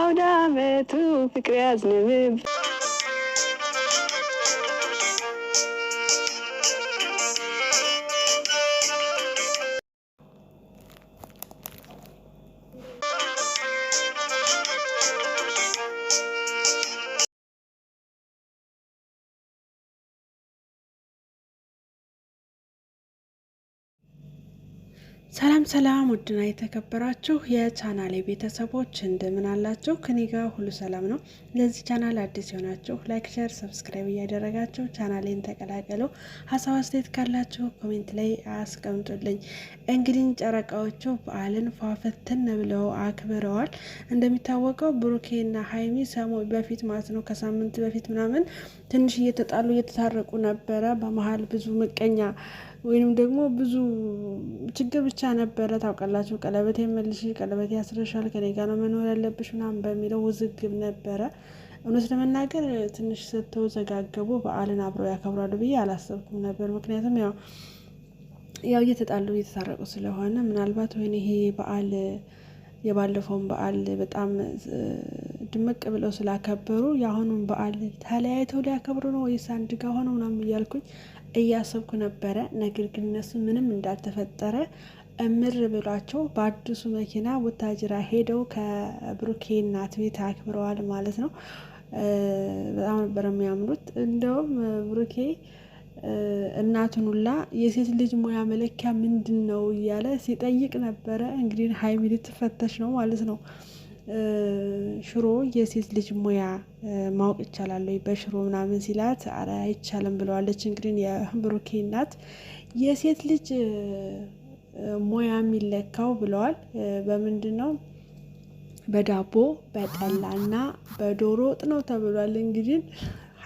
አውደ አመቱ ፍቅር ያዝንብብ ሰላም ሰላም ውድና የተከበራችሁ የቻናሌ ቤተሰቦች እንደምን አላችሁ? ከኔ ጋር ሁሉ ሰላም ነው። ለዚህ ቻናል አዲስ የሆናችሁ ላይክ፣ ሸር፣ ሰብስክራይብ እያደረጋችሁ ቻናሌን ተቀላቀሉ። ሀሳብ አስተያየት ካላችሁ ኮሜንት ላይ አስቀምጡልኝ። እንግዲህ ጨረቃዎቹ በዓልን ፏፈትን ብለው አክብረዋል። እንደሚታወቀው ብሩኬና ሀይሚ ሰሞ በፊት ማለት ነው ከሳምንት በፊት ምናምን ትንሽ እየተጣሉ እየተታረቁ ነበረ። በመሀል ብዙ ምቀኛ ወይንም ደግሞ ብዙ ችግር ብቻ ነበረ። ታውቃላችሁ ቀለበት የመልሽ ቀለበት ያስረሻል፣ ከኔ ጋር ነው መኖር ያለብሽ ምናምን በሚለው ውዝግብ ነበረ። እውነት ለመናገር ትንሽ ስተወዘጋገቡ በዓልን አብረው ያከብራሉ ብዬ አላሰብኩም ነበር። ምክንያቱም ያው ያው እየተጣሉ እየተታረቁ ስለሆነ ምናልባት ወይኔ ይሄ በዓል የባለፈውን በዓል በጣም ድምቅ ብለው ስላከበሩ የአሁኑን በዓል ተለያይተው ሊያከብሩ ነው ወይስ አንድ ጋ ሆነው ምናምን እያልኩኝ እያሰብኩ ነበረ። ነገር ግን እነሱ ምንም እንዳልተፈጠረ እምር ብሏቸው በአዲሱ መኪና ቡታጅራ ሄደው ከብሩኬ እናት ቤት አክብረዋል ማለት ነው። በጣም ነበር የሚያምሩት። እንደውም ብሩኬ እናቱን ሁላ የሴት ልጅ ሙያ መለኪያ ምንድን ነው እያለ ሲጠይቅ ነበረ። እንግዲህ ሀይሚ ልትፈተሽ ነው ማለት ነው። ሽሮ የሴት ልጅ ሙያ ማወቅ ይቻላል ወይ በሽሮ ምናምን ሲላት፣ አረ አይቻልም ብለዋለች። እንግዲህ የብሩኬ እናት የሴት ልጅ ሙያ የሚለካው ብለዋል በምንድን ነው? በዳቦ በጠላና በዶሮ ወጥ ነው ተብሏል። እንግዲህ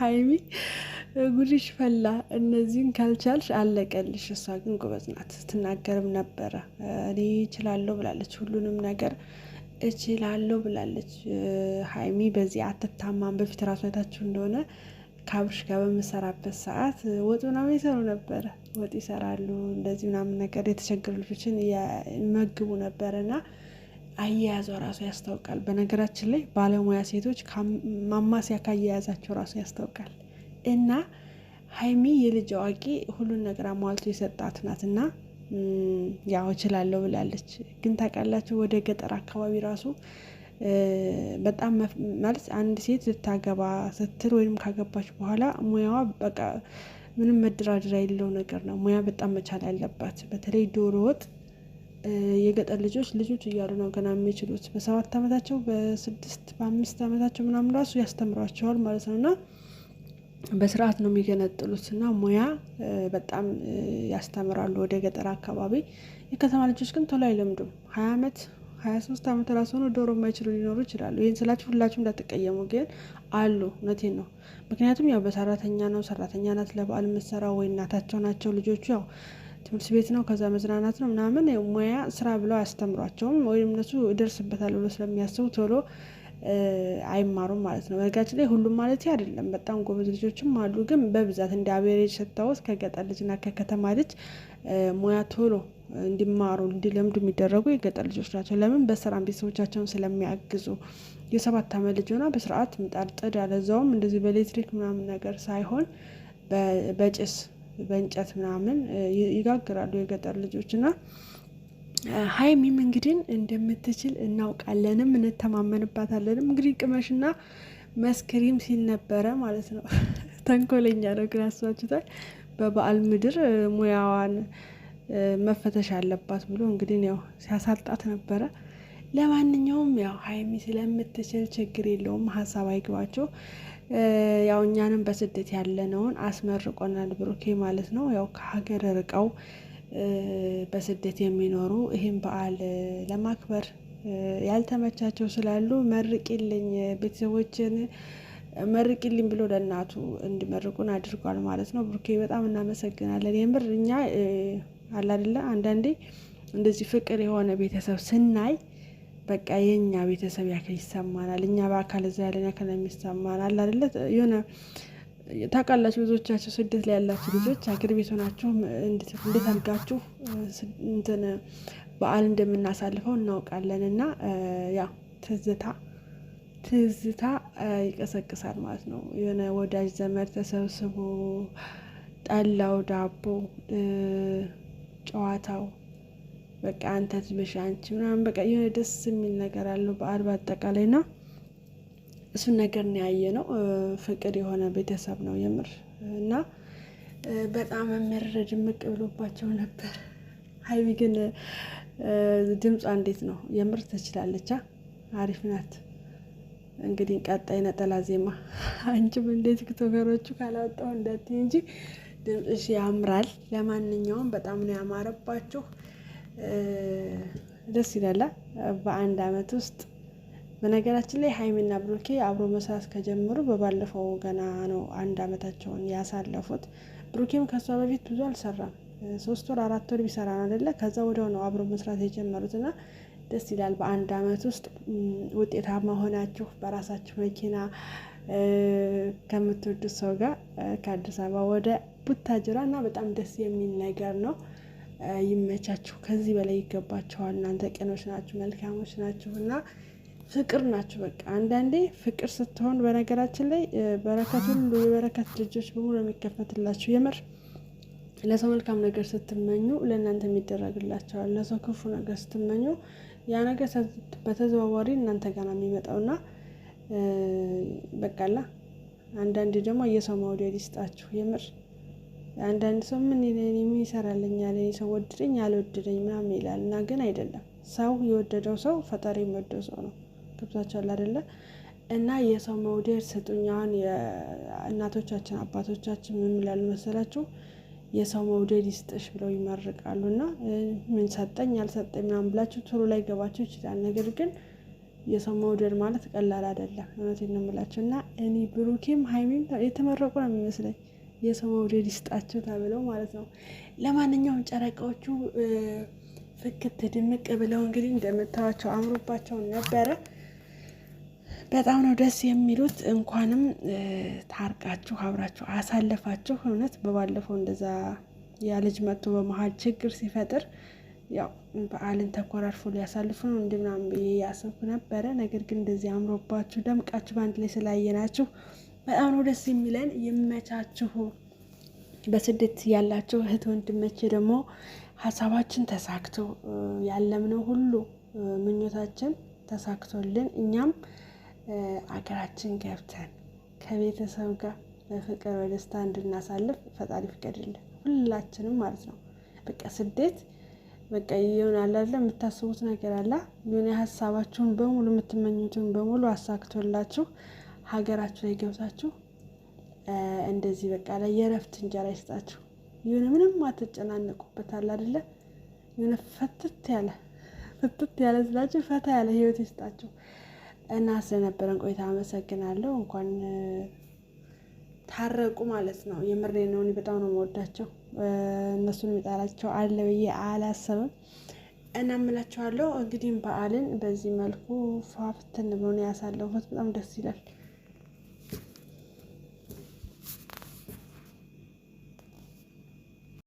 ሀይሚ ጉድሽ ፈላ። እነዚህን ካልቻልሽ አለቀልሽ። እሷ ግን ጎበዝ ናት፣ ስትናገርም ነበረ እኔ እችላለሁ ብላለች ሁሉንም ነገር እችላለሁ ብላለች ሀይሚ። በዚህ አትታማም። በፊት ራሱ አይታችሁ እንደሆነ ከአብርሽ ጋር በምሰራበት ሰዓት ወጥ ምናምን ይሰሩ ነበረ። ወጥ ይሰራሉ እንደዚህ ምናምን ነገር የተቸገሩ ልጆችን መግቡ ነበረ እና አያያዟ ራሱ ያስታውቃል። በነገራችን ላይ ባለሙያ ሴቶች ማማሲያ ካያያዛቸው ራሱ ያስታውቃል። እና ሀይሚ የልጅ አዋቂ ሁሉን ነገር አሟልቶ የሰጣት ናት እና ያው እችላለሁ ብላለች። ግን ታውቃላችሁ ወደ ገጠር አካባቢ ራሱ በጣም ማለት አንድ ሴት ልታገባ ስትል ወይም ካገባች በኋላ ሙያዋ በቃ ምንም መደራደሪያ የሌለው ነገር ነው። ሙያ በጣም መቻል አለባት። በተለይ ዶሮ ወጥ የገጠር ልጆች ልጆች እያሉ ነው ገና የሚችሉት በሰባት ዓመታቸው በስድስት በአምስት ዓመታቸው ምናምን ራሱ ያስተምሯቸዋል ማለት ነው እና በስርዓት ነው የሚገነጥሉት እና ሙያ በጣም ያስተምራሉ። ወደ ገጠር አካባቢ የከተማ ልጆች ግን ቶሎ አይለምዱም። ሀያ አመት ሀያ ሶስት አመት ራሱ ሆኖ ዶሮ የማይችሉ ሊኖሩ ይችላሉ። ይህን ስላችሁ ሁላችሁ እንዳትቀየሙ፣ ግን አሉ። እውነቴን ነው። ምክንያቱም ያው በሰራተኛ ነው ሰራተኛ ናት ለበዓል የምትሰራው ወይ እናታቸው ናቸው ልጆቹ ያው ትምህርት ቤት ነው ከዛ መዝናናት ነው ምናምን ሙያ ስራ ብለው አያስተምሯቸውም። ወይም እነሱ ይደርስበታል ብሎ ስለሚያስቡ ቶሎ አይማሩም ማለት ነው። በነገራችን ላይ ሁሉም ማለት አይደለም፣ በጣም ጎበዝ ልጆችም አሉ። ግን በብዛት እንደ አቤሬጅ ስታወስ ከገጠር ልጅና ከከተማ ልጅ ሙያ ቶሎ እንዲማሩ እንዲለምዱ የሚደረጉ የገጠር ልጆች ናቸው። ለምን? በስራም ቤተሰቦቻቸውን ስለሚያግዙ። የሰባት ዓመት ልጅ ሆና በስርዓት ምጣድ ጥድ ያለዛውም እንደዚህ በኤሌክትሪክ ምናምን ነገር ሳይሆን በጭስ በእንጨት ምናምን ይጋግራሉ የገጠር ልጆች እና ሀይሚም እንግዲህ እንደምትችል እናውቃለንም እንተማመንባታለንም። እንግዲህ ቅመሽና መስክሪም ሲል ነበረ ማለት ነው። ተንኮለኛ ነው ግን አስባችሁታል። በበዓል ምድር ሙያዋን መፈተሽ አለባት ብሎ እንግዲህ ያው ሲያሳጣት ነበረ። ለማንኛውም ያው ሀይሚ ስለምትችል ችግር የለውም፣ ሀሳብ አይግባቸው። ያው እኛንም በስደት ያለነውን አስመርቆናል ብሩኬ ማለት ነው። ያው ከሀገር ርቀው በስደት የሚኖሩ ይህን በዓል ለማክበር ያልተመቻቸው ስላሉ መርቂልኝ ቤተሰቦችን መርቂልኝ ብሎ ለእናቱ እንዲመርቁን አድርጓል ማለት ነው። ብሩኬ በጣም እናመሰግናለን። የምር እኛ አላደለ አንዳንዴ እንደዚህ ፍቅር የሆነ ቤተሰብ ስናይ በቃ የእኛ ቤተሰብ ያክል ይሰማናል። እኛ በአካል እዛ ያለን ያክል የሚሰማናል አላደለ የሆነ ታውቃላችሁ ብዙዎቻችሁ ስደት ላይ ያላችሁ ልጆች ሀገር ቤት ሆናችሁ እንዴት አድርጋችሁ እንትን በዓል እንደምናሳልፈው እናውቃለን። እና ያ ትዝታ ትዝታ ይቀሰቅሳል ማለት ነው። የሆነ ወዳጅ ዘመድ ተሰብስቦ ጠላው፣ ዳቦ፣ ጨዋታው በቃ አንተ ትብሽ አንቺ ምናምን በቃ የሆነ ደስ የሚል ነገር አለው በዓል በአጠቃላይ ነው። እሱን ነገር ነው ያየ ነው። ፍቅር የሆነ ቤተሰብ ነው የምር እና በጣም የሚያረድ ድምቅ ብሎባቸው ነበር። ሀይሚ ግን ድምጿ እንዴት ነው የምር ትችላለቻ፣ አሪፍ ናት። እንግዲህ ቀጣይ ነጠላ ዜማ አንቺም እንዴት ክቶገሮቹ ካላወጣው እንዳት እንጂ ድምፅሽ ያምራል። ለማንኛውም በጣም ነው ያማረባችሁ። ደስ ይላል። በአንድ አመት ውስጥ በነገራችን ላይ ሀይሚና ብሩኬ አብሮ መስራት ከጀመሩ በባለፈው ገና ነው አንድ አመታቸውን ያሳለፉት። ብሩኬም ከእሷ በፊት ብዙ አልሰራም፣ ሶስት ወር አራት ወር ቢሰራ አደለ? ከዛ ወደው ነው አብሮ መስራት የጀመሩትና ደስ ይላል። በአንድ አመት ውስጥ ውጤታማ ሆናችሁ በራሳችሁ መኪና ከምትወዱት ሰው ጋር ከአዲስ አበባ ወደ ቡታጅራ እና በጣም ደስ የሚል ነገር ነው። ይመቻችሁ። ከዚህ በላይ ይገባችኋል። እናንተ ቀኖች ናችሁ፣ መልካሞች ናችሁ እና ፍቅር ናቸው። በቃ አንዳንዴ ፍቅር ስትሆን በነገራችን ላይ ሁሉ የበረከት ልጆች በሙሉ የሚከፈትላቸው የምር ለሰው መልካም ነገር ስትመኙ ለእናንተ የሚደረግላቸዋል። ለሰው ክፉ ነገር ስትመኙ ያ ነገር በተዘዋዋሪ እናንተ ጋር ነው የሚመጣውና በቃላ አንዳንዴ ደግሞ የሰው መውደድ ይስጣችሁ። የምር አንዳንድ ሰው ምን ይሰራልኛል ሰው ወድደኝ አልወደደኝ ምናምን ይላል እና ግን አይደለም ሰው የወደደው ሰው ፈጣሪ የሚወደው ሰው ነው። ገብቷቸዋል አደለ? እና የሰው መውደድ ስጡኝ። እናቶቻችን አባቶቻችን ምን ይላሉ መሰላችሁ? የሰው መውደድ ይስጥሽ ብለው ይመርቃሉ። እና ምን ሰጠኝ አልሰጠኝ ምናምን ብላችሁ ቶሎ ላይ ገባችሁ ይችላል። ነገር ግን የሰው መውደድ ማለት ቀላል አይደለም። እውነቴን ነው የምላችሁ። እና እኔ ብሩኬም ሀይሚም የተመረቁ ነው የሚመስለኝ የሰው መውደድ ይስጣቸው ተብለው ማለት ነው። ለማንኛውም ጨረቃዎቹ ፍክት ድምቅ ብለው እንግዲህ እንደምታዋቸው አምሮባቸውን ነበረ። በጣም ነው ደስ የሚሉት። እንኳንም ታርቃችሁ አብራችሁ አሳለፋችሁ። እውነት በባለፈው እንደዛ ያ ልጅ መጥቶ በመሀል ችግር ሲፈጥር ያው በዓልን ተኮራርፎ ሊያሳልፉ ነው እንዲ ምናምን ብዬ ያሰብኩ ነበረ። ነገር ግን እንደዚህ አምሮባችሁ ደምቃችሁ በአንድ ላይ ስላየናችሁ በጣም ነው ደስ የሚለን። ይመቻችሁ። በስደት ያላችሁ እህት ወንድመቼ ደግሞ ሀሳባችን ተሳክቶ ያለምነው ሁሉ ምኞታችን ተሳክቶልን እኛም አገራችን ገብተን ከቤተሰብ ጋር በፍቅር በደስታ እንድናሳልፍ ፈጣሪ ፍቀድልን፣ ሁላችንም ማለት ነው። በቃ ስደት በቃ የሆነ አላለ የምታስቡት ነገር አለ የሆነ ሀሳባችሁን በሙሉ የምትመኙትን በሙሉ አሳክቶላችሁ ሀገራችሁ ላይ ገብታችሁ እንደዚህ በቃ ላይ የእረፍት እንጀራ ይስጣችሁ። የሆነ ምንም አትጨናነቁበት አለ አደለ የሆነ ፈትት ያለ ፈትት ያለ ስላችሁ ፈታ ያለ ህይወት ይስጣችሁ። እና ስለነበረን ቆይታ አመሰግናለሁ። እንኳን ታረቁ ማለት ነው። የምሬ ነው። እኔ በጣም ነው የምወዳቸው። እነሱን የሚጣላቸው አለ ብዬ አላሰብም። እና እናምላችኋለሁ እንግዲህም በዓልን በዚህ መልኩ ፏፍትን ብሎን ያሳለፉት በጣም ደስ ይላል።